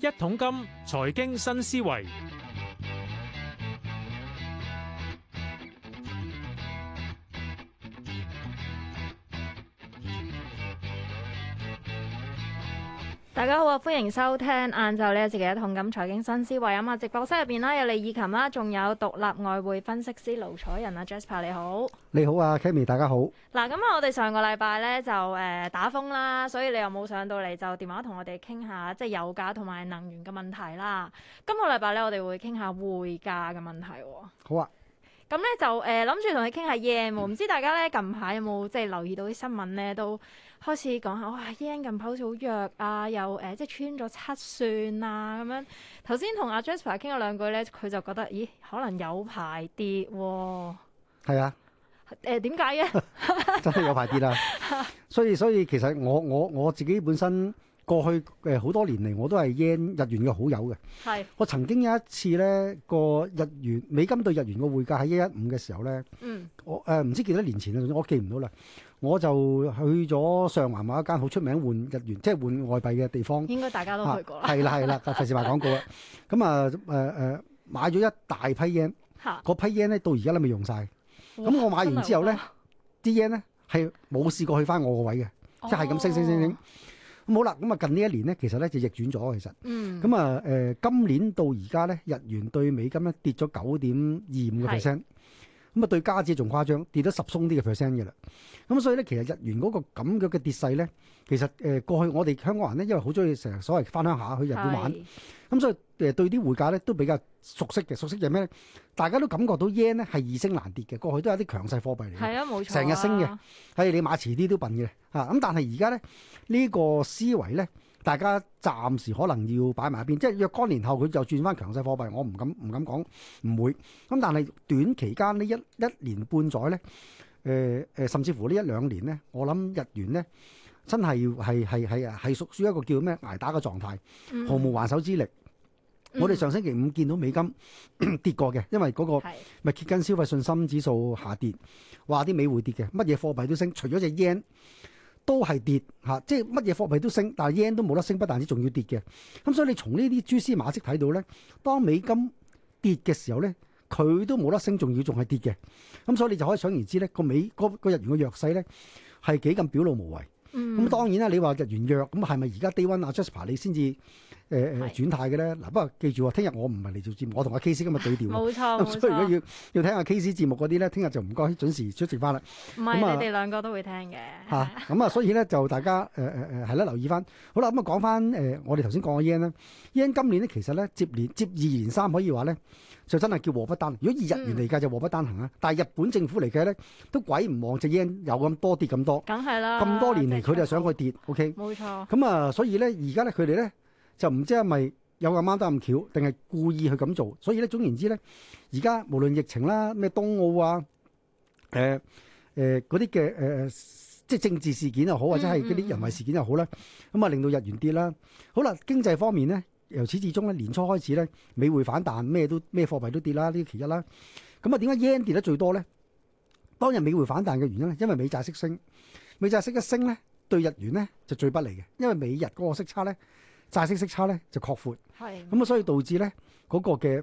一桶金，財經新思維。大家好，啊，歡迎收聽晏晝呢一節嘅《一桶金財經新思維》。咁啊，直播室入邊啦，有李以琴啦，仲有獨立外匯分析師盧彩仁啊，Jasper 你好，你好啊 k a m y，大家好。嗱，咁 啊，我哋上個禮拜咧就誒、呃、打風啦，所以你又冇上到嚟，就電話同我哋傾下即係油價同埋能源嘅問題啦。今個禮拜咧，我哋會傾下匯價嘅問題，哦。好啊。咁咧就誒諗住同你傾下 yen 喎，唔知大家咧近排有冇即係留意到啲新聞咧，都開始講下哇 yen 近排好似好弱啊，又誒、呃、即係穿咗七算啊咁樣。頭先同阿 Jasper 傾咗兩句咧，佢就覺得咦可能有排跌喎。係啊，誒點解嘅？ 真係有排跌啦。 所以所以其實我我我自己本身。過去誒好多年嚟，我都係 yen 日元嘅好友嘅。係是，我曾經有一次咧，個日元美金對日元嘅匯價喺一一五嘅時候咧，嗯，我誒唔、呃、知幾多年前啦，我記唔到啦，我就去咗上環某一間好出名換日元，即係換外幣嘅地方。應該大家都去過、啊、啦。係啦係啦，費事賣廣告啦。咁啊誒誒，買咗一大批 yen，嗰 批 yen 咧到而家都未用晒。咁哇我買完之後咧，啲 yen 咧係冇試過去翻我個位嘅，即係咁升升升升。Oh. 好啦，咁啊近呢一年咧，其實咧就逆轉咗，其實。咁啊、嗯嗯，誒今年到而家咧，日圓對美金咧跌咗九點二五個 percent。咁啊、嗯，對加紙仲誇張，跌咗十鬆啲嘅 percent 嘅啦。咁、嗯、所以咧，其實日元嗰個咁樣嘅跌勢咧，其實誒、呃、過去我哋香港人咧，因為好中意成日所謂返鄉下去日本玩，咁的、嗯、所以誒對啲匯價咧都比較熟悉嘅。熟悉就係咩咧？大家都感覺到 yen 咧係易升難跌嘅，過去都有啲強勢貨幣嚟。係啊，冇錯，成日升嘅，係你買遲啲都笨嘅嚇。咁、啊、但係而家咧呢、呢個思維咧。大家暫時可能要擺埋一邊，即係若干年後佢就轉翻強勢貨幣，我唔敢唔敢講唔會。咁但係短期間呢一一年半載呢，誒誒，甚至乎呢一兩年呢，我諗日元呢，真係要係係啊，係屬於一個叫咩挨打嘅狀態，毫無還手之力。我哋上星期五見到美金跌過嘅，因為嗰個密歇根消費信心指數下跌，話啲美匯跌嘅，乜嘢貨幣都升，除咗隻 yen。都係跌吓，即係乜嘢貨幣都升，但係 yen 都冇得升，不但止仲要跌嘅。咁所以你從呢啲蛛絲馬跡睇到咧，當美金跌嘅時候咧，佢都冇得升，仲要仲係跌嘅。咁所以你就可以想而知咧，個美嗰個日元嘅弱勢咧係幾咁表露無遺。咁、嗯、當然啦，是是1，啊、你話日圓弱，咁係咪而家低溫阿 Jasper 你先至誒誒轉態嘅咧？嗱是、呃，不過記住喎，聽日我唔係嚟做節目，我同阿 KC 今日對調。冇錯，冇錯、哦，所以如果要要聽阿 KC 節目嗰啲咧，聽日就唔該準時出席翻啦。唔係是，嗯呃、你哋兩個都會聽嘅。嚇、 啊，咁啊，啊，所以咧就大家誒誒誒係啦，留意翻。好、呃、啦，咁、嗯嗯嗯嗯、 啊講翻誒我哋頭先講嘅 yen 咧，yen 今年咧其實咧接連接二連三可以話咧。就真係叫禍不單，如果以日元嚟計就禍不單行啊！嗯、但係日本政府嚟計咧，都鬼唔望隻 yen 有咁多跌咁多，咁多年嚟佢哋想去跌，OK？冇錯。咁、嗯、啊，所以咧，而家咧佢哋咧就唔知係咪有咁啱得咁巧，定係故意去咁做。所以咧，總言之咧，而家無論疫情啦、咩冬奧啊、誒誒嗰啲嘅誒，即係政治事件又好，或者係嗰啲人為事件又好咧，咁啊、嗯嗯、令到日元跌啦。好啦，經濟方面咧。由始至終咧，年初開始咧，美匯反彈，咩都咩貨幣都跌啦，呢其一啦。咁啊，點解 yen 跌得最多咧？當日美匯反彈嘅原因咧，因為美債息升，美債息一升咧，對日元咧就最不利嘅，因為美日嗰個息差咧，債息息差咧就擴闊，咁啊係，所以導致咧嗰個嘅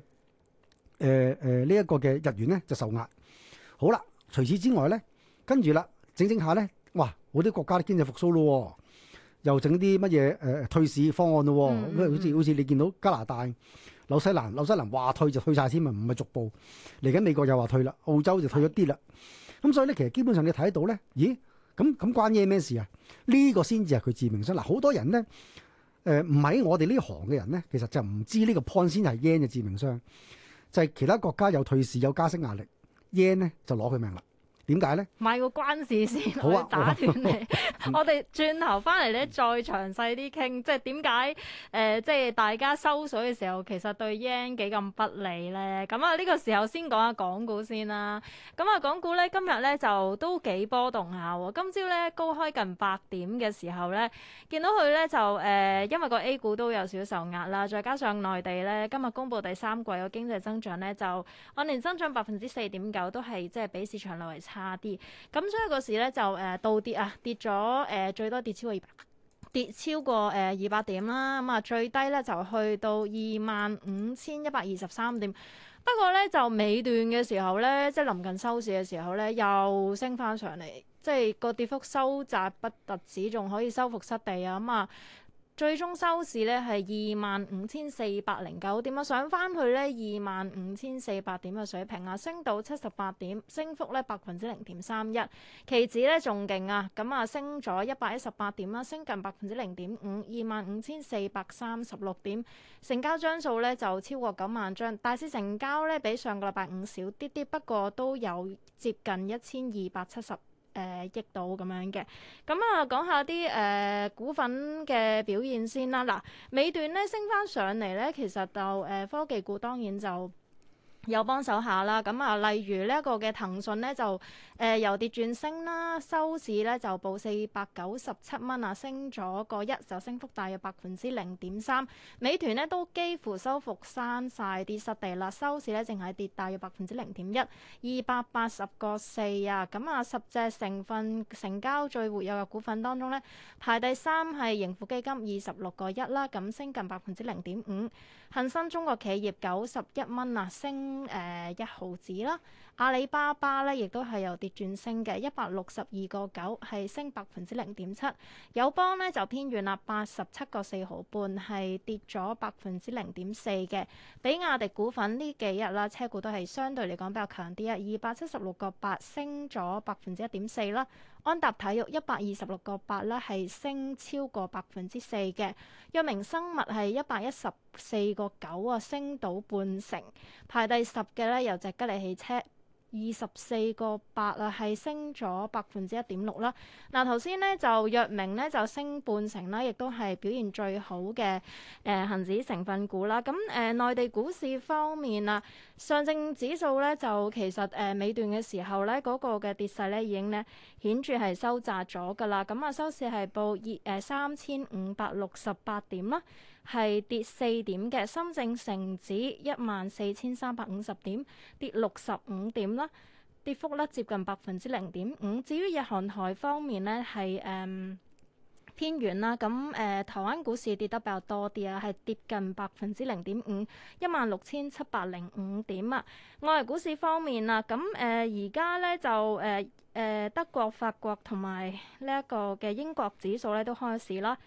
誒誒呢一個嘅日元咧就受壓。好啦，除此之外咧，跟住啦，整整下咧，哇，好多國家嘅經濟復甦咯。又整啲乜嘢誒退市方案咯？好似好似你見到加拿大、紐西蘭、紐西蘭話退就退晒先嘛，唔係逐步。嚟緊美國又話退啦，澳洲就退咗啲啦。咁所以咧，其實基本上你睇到咧，咦？咁咁關 yen 咩事啊？呢個先至係佢致命傷。嗱，好多人咧，誒唔喺我哋呢行嘅人咧，其實就唔知呢個 point 先係 yen 嘅致命傷，就係其他國家有退市、有加息壓力，yen 咧就攞佢命啦。點解咧？買個關事先嚟，好啊，打斷你。我哋轉頭翻嚟咧，再詳細啲傾，即係點解誒，即係大家收水嘅時候，其實對 yen 幾咁不利咧？咁啊，呢個時候先講下港股先啦。咁啊，港股咧今日咧就都幾波動下喎。今朝咧高開近八點嘅時候咧，見到佢咧就誒，因為個 A 股都有少少受壓啦，再加上內地咧今日公布第三季個經濟增長咧，就按年增長百分之四點九，都係即係比市場內為差。差啲，咁所以嗰時咧就誒倒、呃、跌啊，跌咗誒、呃、最多跌超過二百，跌超過誒二百點啦。咁、嗯、啊，最低咧就去到二萬五千一百二十三點。不過咧就尾段嘅時候咧，即係臨近收市嘅時候咧，又升翻上嚟，即係個跌幅收窄不特止，仲可以收復失地啊。咁、嗯、啊～、嗯最終收市呢係二萬五千四百零九點啊，上翻去呢，二萬五千四百點嘅水平啊，升到七十八點，升幅呢百分之零點三一。31, 期指呢仲勁啊，咁啊、嗯、升咗一百一十八點啊，升近百分之零點五，二萬五千四百三十六點。成交張數呢就超過九萬張，大市成交呢，比上個禮拜五少啲啲，不過都有接近一千二百七十。誒、呃、億度咁樣嘅，咁啊講下啲誒、呃、股份嘅表現先啦。嗱，尾段咧升翻上嚟咧，其實就誒、呃、科技股當然就。有幫手下啦，咁啊，例如呢一個嘅騰訊呢，就誒、呃、由跌轉升啦，收市呢就報四百九十七蚊啊，升咗個一，就升幅大約百分之零點三。美團呢都幾乎收復三晒，啲失地啦，收市呢淨係跌大約百分之零點一，二百八十個四啊，咁啊十隻成分成交最活躍嘅股份當中呢，排第三係盈富基金，二十六個一啦，咁升近百分之零點五。恒生中國企業九十一蚊啊，升。誒、呃，一毫紙啦～阿里巴巴咧，亦都係由跌轉升嘅，一百六十二個九係升百分之零點七。友邦咧就偏軟啦，八十七個四毫半係跌咗百分之零點四嘅。比亞迪股份呢幾日啦，車股都係相對嚟講比較強啲啊，二百七十六個八升咗百分之一點四啦。安踏體育一百二十六個八咧係升超過百分之四嘅。藥明生物係一百一十四個九啊，升到半成，排第十嘅咧有隻吉利汽車。二十四個八啊，係升咗百分之一點六啦。嗱，頭先呢就藥明呢就升半成啦，亦都係表現最好嘅誒，恒、呃、指成分股啦。咁誒、呃，內地股市方面啊，上證指數呢就其實誒尾、呃、段嘅時候呢，嗰、嗰個嘅跌勢呢已經呢顯著係收窄咗噶啦。咁啊，收市係報二誒三千五百六十八點啦。係跌四點嘅，深證成指一萬四千三百五十點，跌六十五點啦，跌幅咧接近百分之零點五。至於日韓台方面咧，係誒、嗯、偏軟啦，咁誒、呃、台灣股市跌得比較多啲啊，係跌近百分之零點五，一萬六千七百零五點啊。外圍股市方面啊，咁誒而家咧就誒誒、呃呃、德國、法國同埋呢一個嘅英國指數咧都開始啦。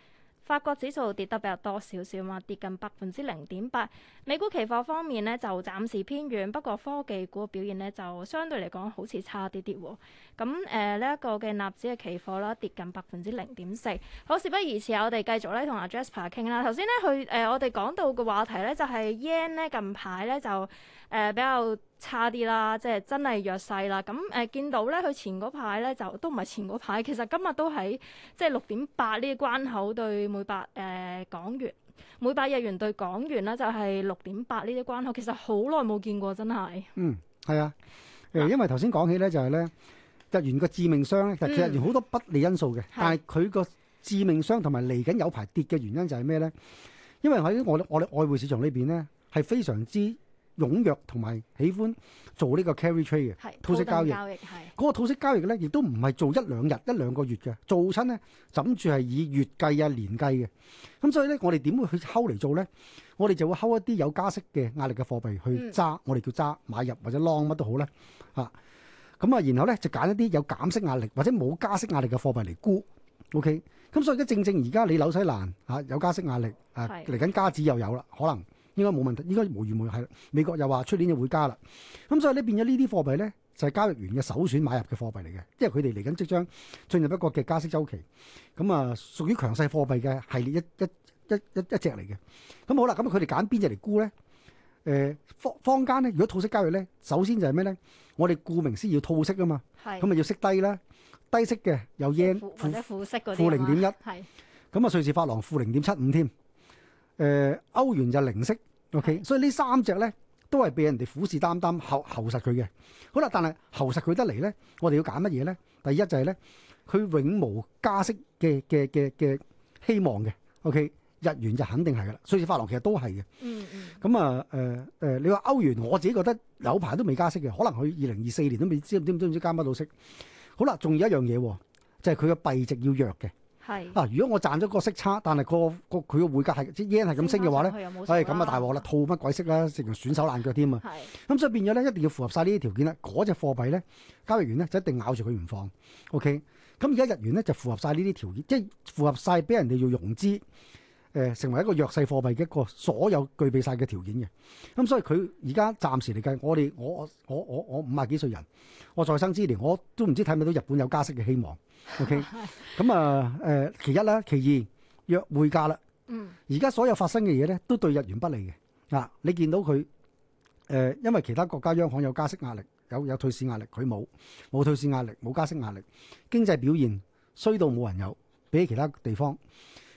法國指數跌得比較多少少嘛，跌近百分之零點八。美股期貨方面咧就暫時偏軟，不過科技股表現咧就相對嚟講好似差啲啲喎。咁誒呢一個嘅納指嘅期貨啦，跌近百分之零點四。好，事不宜遲，我哋繼續咧同阿 Jasper 傾啦。頭先咧佢誒我哋講到嘅話題咧就係、是、yen 咧近排咧就誒、呃、比較，差啲啦，即係真係弱勢啦。咁誒、呃，見到咧，佢前嗰排咧就都唔係前嗰排，其實今日都喺即係六點八呢啲關口對每百誒、呃、港元，每百日元對港元咧就係六點八呢啲關口。其實好耐冇見過，真係。嗯，係啊。因為頭先講起咧、就係，就係咧日元個致命傷咧，嗯、其實日元好多不利因素嘅，是但係佢個致命傷同埋嚟緊有排跌嘅原因就係咩咧？因為喺我我哋外匯市場呢邊咧係非常之踴躍同埋喜歡做呢個 carry trade 嘅套息交易，嗰個套息交易咧，亦都唔係做一兩日、一兩個月嘅，做親咧，諗住係以月計啊、年計嘅。咁所以咧，我哋點會去摳嚟做咧？我哋就會摳一啲有加息嘅壓力嘅貨幣去揸，嗯、我哋叫揸買入或者 long 乜都好咧。嚇咁啊，然後咧就揀一啲有減息壓力或者冇加息壓力嘅貨幣嚟沽。OK，咁、啊、所以咧正正而家你紐西蘭嚇、啊、有加息壓力，係嚟緊加紙又有啦，可能。應該冇問題，應該無虞冇係。美國又話出年就會加啦，咁所以呢變咗呢啲貨幣咧就係交易員嘅首選買入嘅貨幣嚟嘅，因為佢哋嚟緊即將進入一個嘅加息周期，咁啊屬於強勢貨幣嘅系列一一一一一隻嚟嘅，咁好啦，咁佢哋揀邊隻嚟沽咧？誒，坊坊間咧，如果套息交易咧，首先就係咩咧？我哋顧名思義要套息啊嘛，咁啊要息低啦，低息嘅有日圓負負息嗰啲，負零點一，係咁啊瑞士法郎負零點七五添，誒歐元就零息。O.K.，嗯，所以呢三隻咧都係俾人哋虎視眈眈，後後實佢嘅。好啦，但係後實佢得嚟咧，我哋要揀乜嘢咧？第一就係咧，佢永無加息嘅嘅嘅嘅希望嘅。O.K. 日圓就肯定係噶啦，瑞士法郎其實都係嘅。嗯嗯咁啊誒誒，你話歐元，我自己覺得有排都未加息嘅，可能佢二零二四年都未知唔知唔知唔知加乜到息。好啦，仲有一樣嘢，啊，就係佢嘅幣值要弱嘅。嗱是、啊，如果我賺咗個息差，但係、那個、那個佢、那個匯價係即 yen 係咁升嘅話咧，係咁啊大鑊啦，套乜、哎、鬼息啦，成日損手爛腳添啊！咁 是所以變咗咧，一定要符合晒呢啲條件啦。嗰、那、隻、個、貨幣咧，交易員咧就一定咬住佢唔放。O K，咁而家日元咧就符合晒呢啲條件，即係符合晒俾人哋要融資。誒，成為一個弱勢貨幣嘅一個所有具備晒嘅條件嘅，咁、嗯、所以佢而家暫時嚟計，我哋我我我我我五十幾歲人，我在生之年，我都唔知睇唔睇到日本有加息嘅希望。OK，咁啊、 嗯，誒其一啦，其二約匯價啦。嗯，而家所有發生嘅嘢咧，都對日元不利嘅。嗱、啊，你見到佢誒、呃，因為其他國家央行有加息壓力，有有退市壓力，佢冇冇退市壓力，冇加息壓力，經濟表現衰到冇人有，比起其他地方。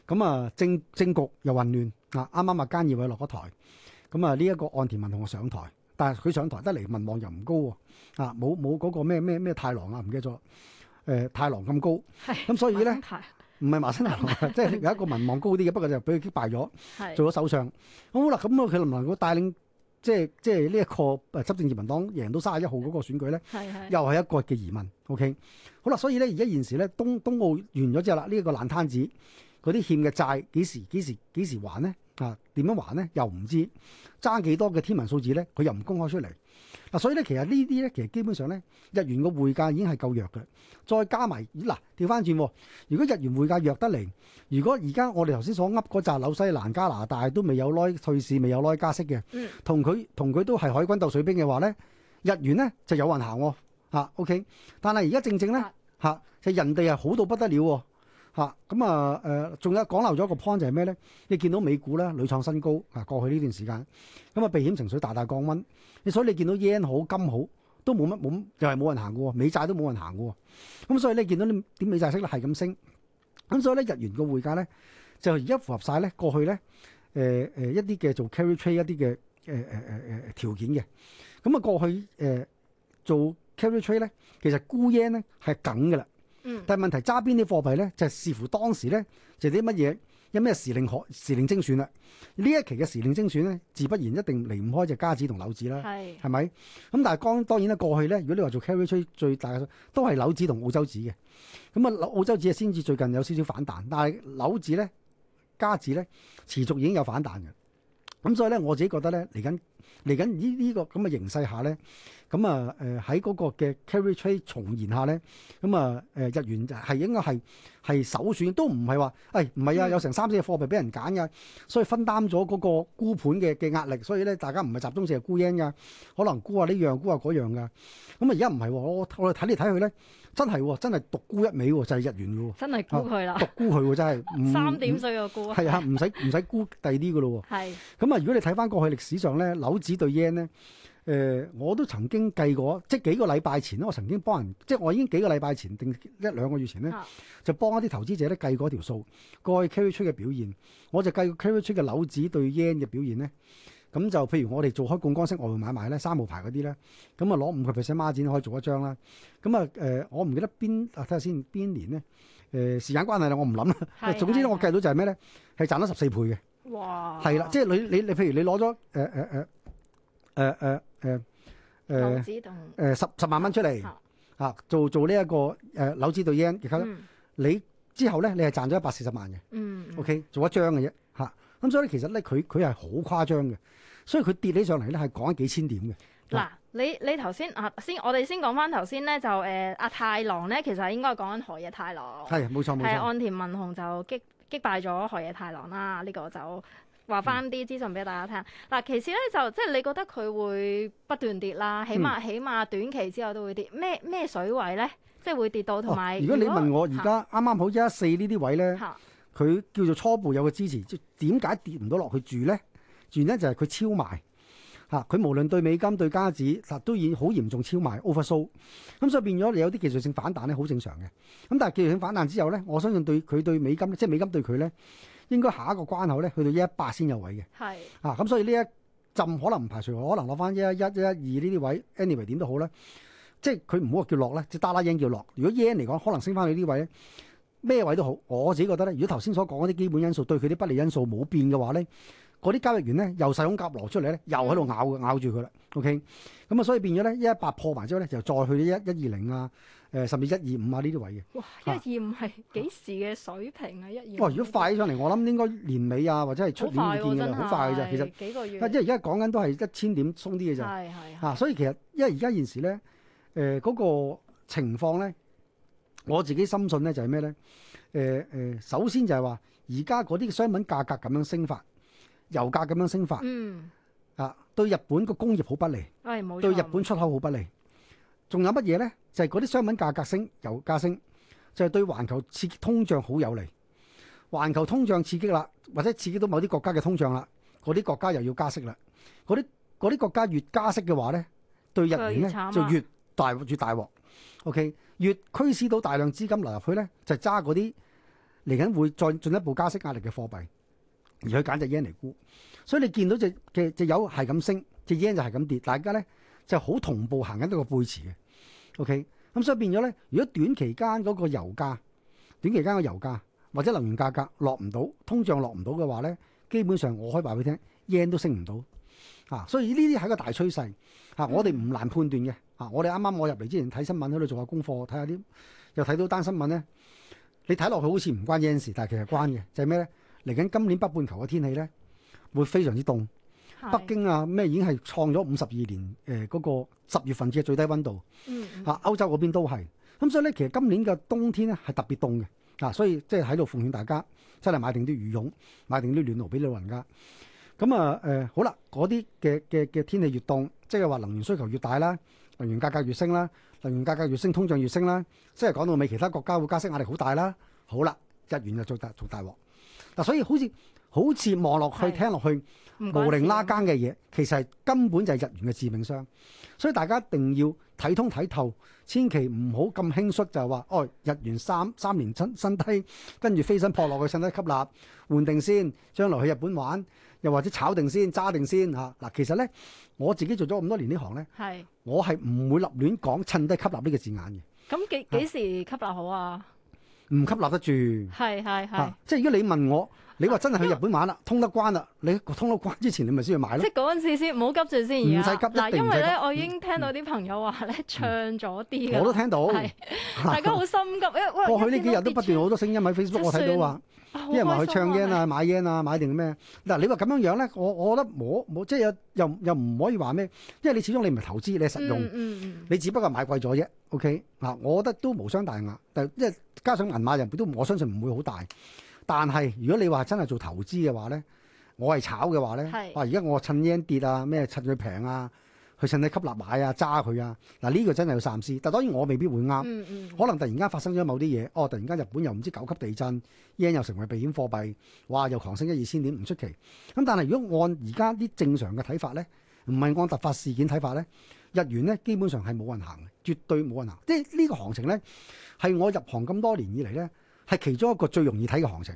咁啊、嗯，政政局又混亂啊！啱啱啊，菅義偉落咗台，咁啊呢一個岸田文雄上台，但係佢上台得嚟民望又唔高、哦、啊，冇冇嗰個咩咩咩太郎啊，唔記得咗誒太郎咁高咁、啊，所以咧唔係麻生太郎，嗯、常即係有一個民望高啲嘅，不過就俾佢擊敗咗，是做咗首相咁好啦。咁啊，佢能唔能夠帶領即係即係呢一個執政自民黨贏到三十一號嗰個選舉咧？係的又係一個嘅疑問。O、okay、K，好啦，所以咧而家現時咧東東奧完咗之後啦，呢一個爛攤子。嗰啲欠嘅債幾時幾時幾時還呢？啊，點樣還呢？又唔知爭幾多嘅天文數字呢？佢又唔公開出嚟。嗱、啊，所以咧，其實呢啲呢，其實基本上呢，日元個匯價已經係夠弱嘅。再加埋咦，嗱、啊，調返轉，如果日元匯價弱得嚟，如果而家我哋頭先所噏嗰紮紐西蘭、加拿大都未有耐退市，未有耐加息嘅、嗯，同佢同佢都係海軍鬥水兵嘅話呢，日元呢就有運行喎、啊。啊、o、okay? k 但係而家正正呢，嚇，就人哋係好到不得了喎、啊。嚇，咁啊誒，仲、呃、有講漏咗一個 point 就係咩咧？你見到美股咧屢創新高啊！過去呢段時間，咁啊避險情緒大大降溫。你所以你見到 yen 好金好都冇乜冇，又係冇人行嘅喎，美債都冇人行嘅喎。咁、啊、所以你見到啲點美債息咧係咁升，咁、啊、所以咧日元嘅匯價咧就而家符合晒咧過去咧誒誒一啲嘅做 carry trade 一啲嘅誒誒誒誒條件嘅。咁啊過去誒、呃、做 carry trade 咧，其實沽 yen 咧係梗嘅啦。嗯，但係問題，揸邊啲貨幣咧，就係、視乎當時咧就啲乜嘢有咩時令可時令精選啦。呢一期嘅時令精選咧，自不然一定離唔開就加紙同紐紙啦，係咪是？咁但係當當然咧過去咧，如果你話做 carry trade 最大嘅都係紐紙同澳洲紙嘅。咁、嗯、啊，紐澳洲紙啊先至最近有少少反彈，但係紐紙咧加紙咧持續已經有反彈嘅。咁所以咧，我自己覺得咧嚟緊。嚟緊呢呢個咁嘅形勢下咧，咁啊誒喺嗰個嘅 carry trade 重現下咧，咁啊誒日元就係應該係係首選，都唔係話誒唔係啊，有成三四個貨幣俾人揀嘅，所以分擔咗嗰個沽盤嘅嘅壓力，所以咧大家唔係集中成日沽 yen 噶，可能沽下呢樣沽下嗰樣噶，咁啊而家唔係喎，我我哋睇嚟睇去咧，真係真係獨沽一味，就係、是、日元噶喎聽說，真係沽佢啦，獨沽佢真係三點水嘅沽，係啊，唔使唔使沽第啲嘅咯喎，係咁啊！如果你睇翻過去歷史上咧，樓指對對呢對 yen 咧，誒、呃，我都曾經計過，即幾個禮拜前咧，我曾經幫人，即我已經幾個禮拜前定一兩個月前咧，哦、就幫一啲投資者咧計過條數，過去 carry trade 嘅表現。我就計過 carry trade 嘅樓紙對 yen 嘅表現咧，咁就譬如我哋做開槓桿式外匯買賣咧，三號牌嗰啲咧，咁啊攞五個 percent 孖展可以做一張啦。咁啊誒，我唔記得邊啊睇下先邊年咧誒、呃，時間關係啦，我唔諗啦。總之我計到就係咩咧，係賺咗十四倍嘅，係啦哇，即你你你，譬如你攞咗誒誒誒。呃呃呃呃誒誒誒誒，樓指同十十萬蚊出嚟嚇、啊，做做呢一個誒樓、呃、子對 yen，而家你之後咧，你係賺咗一百四十萬嘅，嗯，OK，做一張嘅啫嚇，咁、啊、所以其實咧，佢佢係好誇張嘅，所以佢跌起上嚟咧係講緊幾千點嘅。嗱、啊，你你頭先啊，先我哋先講翻頭先咧，就誒阿、呃、太郎咧，其實應該講緊河野太郎，係冇錯冇錯，係岸田文雄就擊擊敗咗河野太郎啦，呢個就。話翻啲資訊俾大家聽。嗱，其次咧就即係你覺得佢會不斷跌啦，起碼、嗯、起碼短期之後都會跌。咩咩水位咧，即係會跌到同埋、哦。如果你問我而家啱啱好一一四呢啲位咧，佢、嗯、叫做初步有個支持，即點解跌唔到落去住咧？原因就係佢超賣嚇，佢無論對美金對加紙，嗱都已好嚴重超賣 oversold。咁所以變咗你有啲技術性反彈咧，好正常嘅。咁但係技術性反彈之後咧，我相信對佢對美金，即係美金對佢咧。應該下一個關口咧，去到一一百先有位嘅。係是啊，咁、嗯、所以呢一陣可能唔排除可能攞翻一一一一二呢啲位，anyway 點都好啦，即係佢唔好話叫落咧，即係耷拉影叫落。如果 yen 嚟講，可能升翻去呢位咧，咩位都好，我自己覺得咧，如果頭先所講嗰啲基本因素對佢啲不利因素冇變嘅話咧，嗰啲交易員咧，又細恐鴿攞出嚟咧，又喺度咬咬住佢啦。O.K. 咁、嗯、啊，所以變咗咧，一一八破埋之後咧，就再去一、一、二零啊，誒、呃，甚至一、啊、二五啊呢啲位嘅。哇！一、二五係幾時嘅水平啊？一、二。哦，如果快起上嚟，我諗、啊、應該年尾啊，或者係出年、啊、會見㗎啦，好快嘅啫。是其實幾個月。因為而家講緊都係一千點鬆啲嘅啫。係係。嚇！所以其實因為而家現時咧，誒、呃、嗰、那個情況咧，我自己深信咧就係咩咧？誒、呃、誒，首先就係話，而家嗰啲商品價格咁樣升發，油價咁樣升發。嗯。啊！對日本個工業好不利，哎、對日本出口好不利。仲有乜嘢呢？就係嗰啲商品價格升，又加升，就係、是、對環球刺激通脹好有利。環球通脹刺激啦，或者刺激到某啲國家嘅通脹啦，嗰啲國家又要加息啦。嗰啲啲國家越加息嘅話呢，對日元咧就越大越大鑊。OK，越驅使到大量資金流入去呢，就揸嗰啲嚟緊會再進一步加息壓力嘅貨幣，而去揀隻耶尼。所以你見到隻嘅隻油係咁升，隻 yen 就係咁跌，大家咧就好同步行緊呢個背馳嘅。O.K. 咁所以變咗咧，如果短期間嗰個油價短期間個油價或者能源價格落唔到，通脹落唔到嘅話咧，基本上我可以話俾你聽，yen 都升唔到啊。所以呢啲係一個大趨勢啊。我哋唔難判斷嘅啊。我哋啱啱我入嚟之前睇新聞喺度做下功課，睇下啲又睇到單新聞咧。你睇落去好似唔關 yen 事，但係其實關嘅就係咩咧？嚟緊今年北半球嘅天氣咧。會非常之凍，北京啊咩已經係創咗五十二年誒嗰、呃嗰個十月份嘅最低溫度嗯、啊嗯啊。嗯，啊歐洲嗰邊都係，咁所以咧其實今年嘅冬天咧係特別凍嘅，啊所以即係喺度奉勸大家真係買定啲羽絨，買定啲暖爐俾老人家。咁啊誒好啦，嗰啲嘅嘅嘅天氣越凍，即係話能源需求越大啦，能源價格越升啦，能源價格越升，通脹越升啦，即係講到尾，其他國家會加息壓力好大啦。好啦，日元就做大做大鑊。嗱、啊，所以好似好似望落去、是聽落去無釐拉更嘅嘢，其實根本就係日元嘅致命傷。所以大家一定要睇通睇透，千祈唔好咁輕率就係話，哦、哎，日元三三年新新低，跟住飛身撲落去趁低吸納，換定先，將來去日本玩，又或者炒定先、揸定先嚇。嗱、啊啊，其實咧，我自己做咗咁多年行呢行咧，是我係唔會立亂講趁低吸納呢個字眼嘅。咁幾幾時吸納好啊？唔吸納得住，係，係，係，即係如果你問我。你話真係去日本玩啦，通得關啦，你通得關之前，你咪先去買咯。即嗰陣時先，唔好急住先。唔使急，嗱，因為咧，我已經聽到啲朋友話咧，唱咗啲。我都聽到，大家好心急。因為過去呢幾日都不斷好多聲音喺 Facebook，我睇到話，因為話去唱 yen 啊、買 yen 啊、買定咩？嗱，你話咁樣樣咧，我我覺得冇冇，即係又又又唔可以話咩？因為你始終你唔係投資，你係實用，你只不過買貴咗啫。OK，嗱，我覺得都無傷大雅，但係即係加上銀碼人，都，我相信唔會好大。但係，如果你話真係做投資嘅話咧，我係炒嘅話咧，哇是！而家我趁 yen 跌啊，咩趁佢平啊，去趁你吸納買啊，揸佢啊，嗱、這、呢個真係要三思。但當然我未必會啱，嗯嗯可能突然間發生咗某啲嘢，哦，突然間日本又唔知九級地震，yen 又成為避險貨幣，哇，又狂升一二千點唔出奇。咁但係如果按而家啲正常嘅睇法咧，唔係按突發事件睇法咧，日圓咧基本上係冇運行，絕對冇運行。即係呢個行情咧，係我入行咁多年以嚟咧。係其中一個最容易睇嘅行情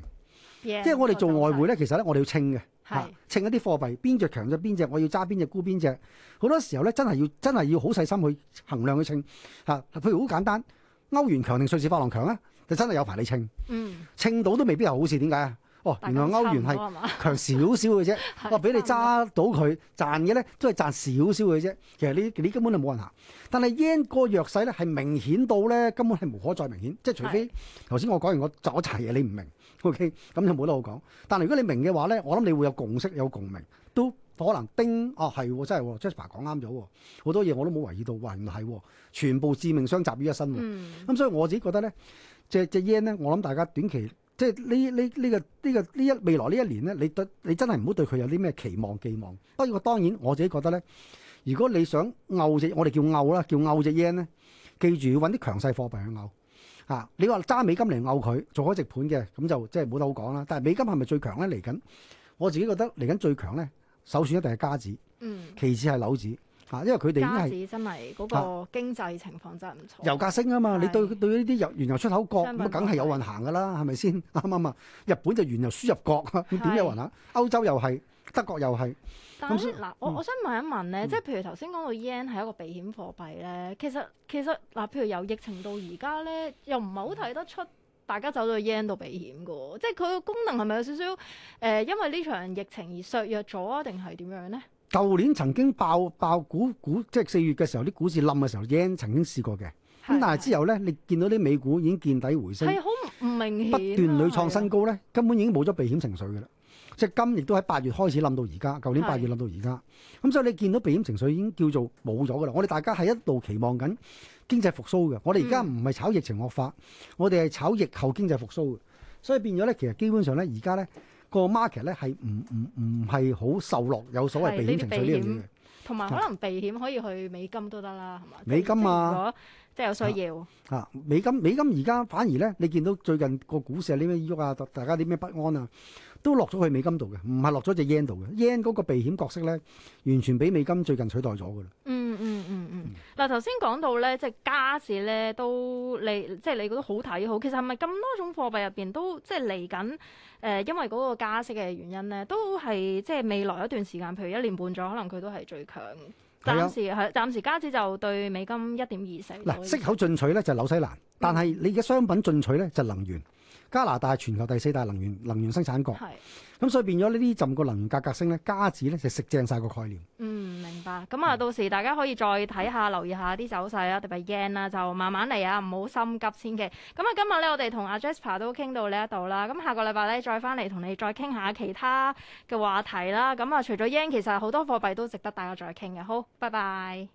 ，yeah，即係我哋做外匯咧，其實咧我哋要稱嘅，嚇稱是一啲貨幣邊隻強咗，邊隻，我要揸邊隻沽邊隻。好多時候咧，真係要真係要好細心去衡量去稱嚇。譬如好簡單，歐元強定瑞士法郎強咧，就真係有排你稱。嗯，稱到都未必係好事，點解啊？原來、喔、歐元係強少少嘅啫，我俾 是、喔、你揸到佢賺嘅咧，都係賺少少嘅啫。其實呢，你根本就冇人行。但係 yen 個弱勢咧，係明顯到咧，根本係無可再明顯。即係除非頭先我講完我左查嘢，你唔明，OK？咁、嗯、 就冇得好講。但係如果你明嘅話咧，我諗你會有共識，有共鳴，都可能叮哦，係、啊、真係，Jasper 講啱咗喎。好多嘢我都冇留意到，喂，唔係全部致命傷集於一身。咁、嗯、所以我自己覺得咧，只只 yen 咧，我諗大家短期。即係呢呢呢個呢個呢一未來呢一年咧，你對你真係唔好對佢有啲咩期望寄望。不過當然我自己覺得咧，如果你想拗隻我哋叫拗啦，叫拗隻 yen 咧，記住要揾啲強勢貨幣去拗嚇，啊。你話揸美金嚟拗佢做開直盤嘅，咁就即係冇得好講啦。但係美金係咪最強咧？嚟緊我自己覺得嚟緊最強咧，首選一定係加紙，其次係紐紙。嚇，因為佢哋真係，嚇，家子真係嗰個經濟情況真係唔錯。啊、油價升啊嘛，是你對對呢啲油原油出口國，咁梗係有運行噶啦，係咪先？啱啱啊？日本就原油輸入國，點是有運啊？歐洲又係，德國又係。咁嗱是，我、嗯、我想問一問咧，即係、嗯、譬如頭先講到 yen 係一個避險貨幣咧，其實其實嗱，譬如由疫情到而家咧，又唔係好睇得出大家走咗去 yen 度避險嘅喎，即係佢個功能係咪有少少誒？因為呢場疫情而削弱咗啊？定係點樣咧？舊年曾經爆爆股股，即係四月嘅時候，啲股市冧嘅時候已 e 曾經試過嘅。咁的但係之後呢，的你見到啲美股已經見底回升，係好唔明顯，啊。不斷屢創新高呢，的根本已經冇咗避險情緒嘅啦。即係今亦都喺八月開始冧到而家，舊年八月冧到而家。咁的、嗯、所以你見到避險情緒已經叫做冇咗嘅啦。我哋大家係一度期望緊經濟復甦嘅。我哋而家唔係炒疫情惡化，我哋係炒疫後經濟復甦，所以變咗呢，其實基本上呢，而家呢。個 market 咧係唔唔唔係好受落，有所謂避險情緒呢樣嘢，同埋可能避險可以去美金都得啦，係嘛、嗯？美金啊！即係有需要？喎、啊啊！美金，美金而家反而咧，你見到最近個股市啲咩喐啊，大家啲咩不安啊，都落咗去美金度嘅，唔係落咗隻 yen 度嘅。yen 嗰個避險角色咧，完全俾美金最近取代咗㗎啦。嗯嗯嗯嗯。嗱，頭先講到咧，即、就、係、是、加息咧都你即係、就是、你覺得好睇好，其實係咪咁多種貨幣入邊都即係嚟緊？誒、就是呃，因為嗰個加息嘅原因咧，都係即係未來一段時間，譬如一年半載，可能佢都係最強。暫時係暫時，暫時加子就對美金一點二四。嗱，息口進取咧就係紐西蘭，但係你嘅商品進取咧就係能源。加拿大全球第四大能源能源生產國，咁是所以變咗呢啲浸個能源價格升咧，加紙咧就食正晒個概念。嗯，明白。咁啊，嗯、到時大家可以再睇下，留意下啲走勢啦。特別 yen 啦，en, 就慢慢嚟啊，唔好心急先，先嘅。咁啊，今日咧，我哋同阿 Jasper 都傾到呢一度啦。咁下個禮拜咧，再翻嚟同你再傾下其他嘅話題啦。咁啊，除咗 yen，其實好多貨幣都值得大家再傾嘅。好，拜拜。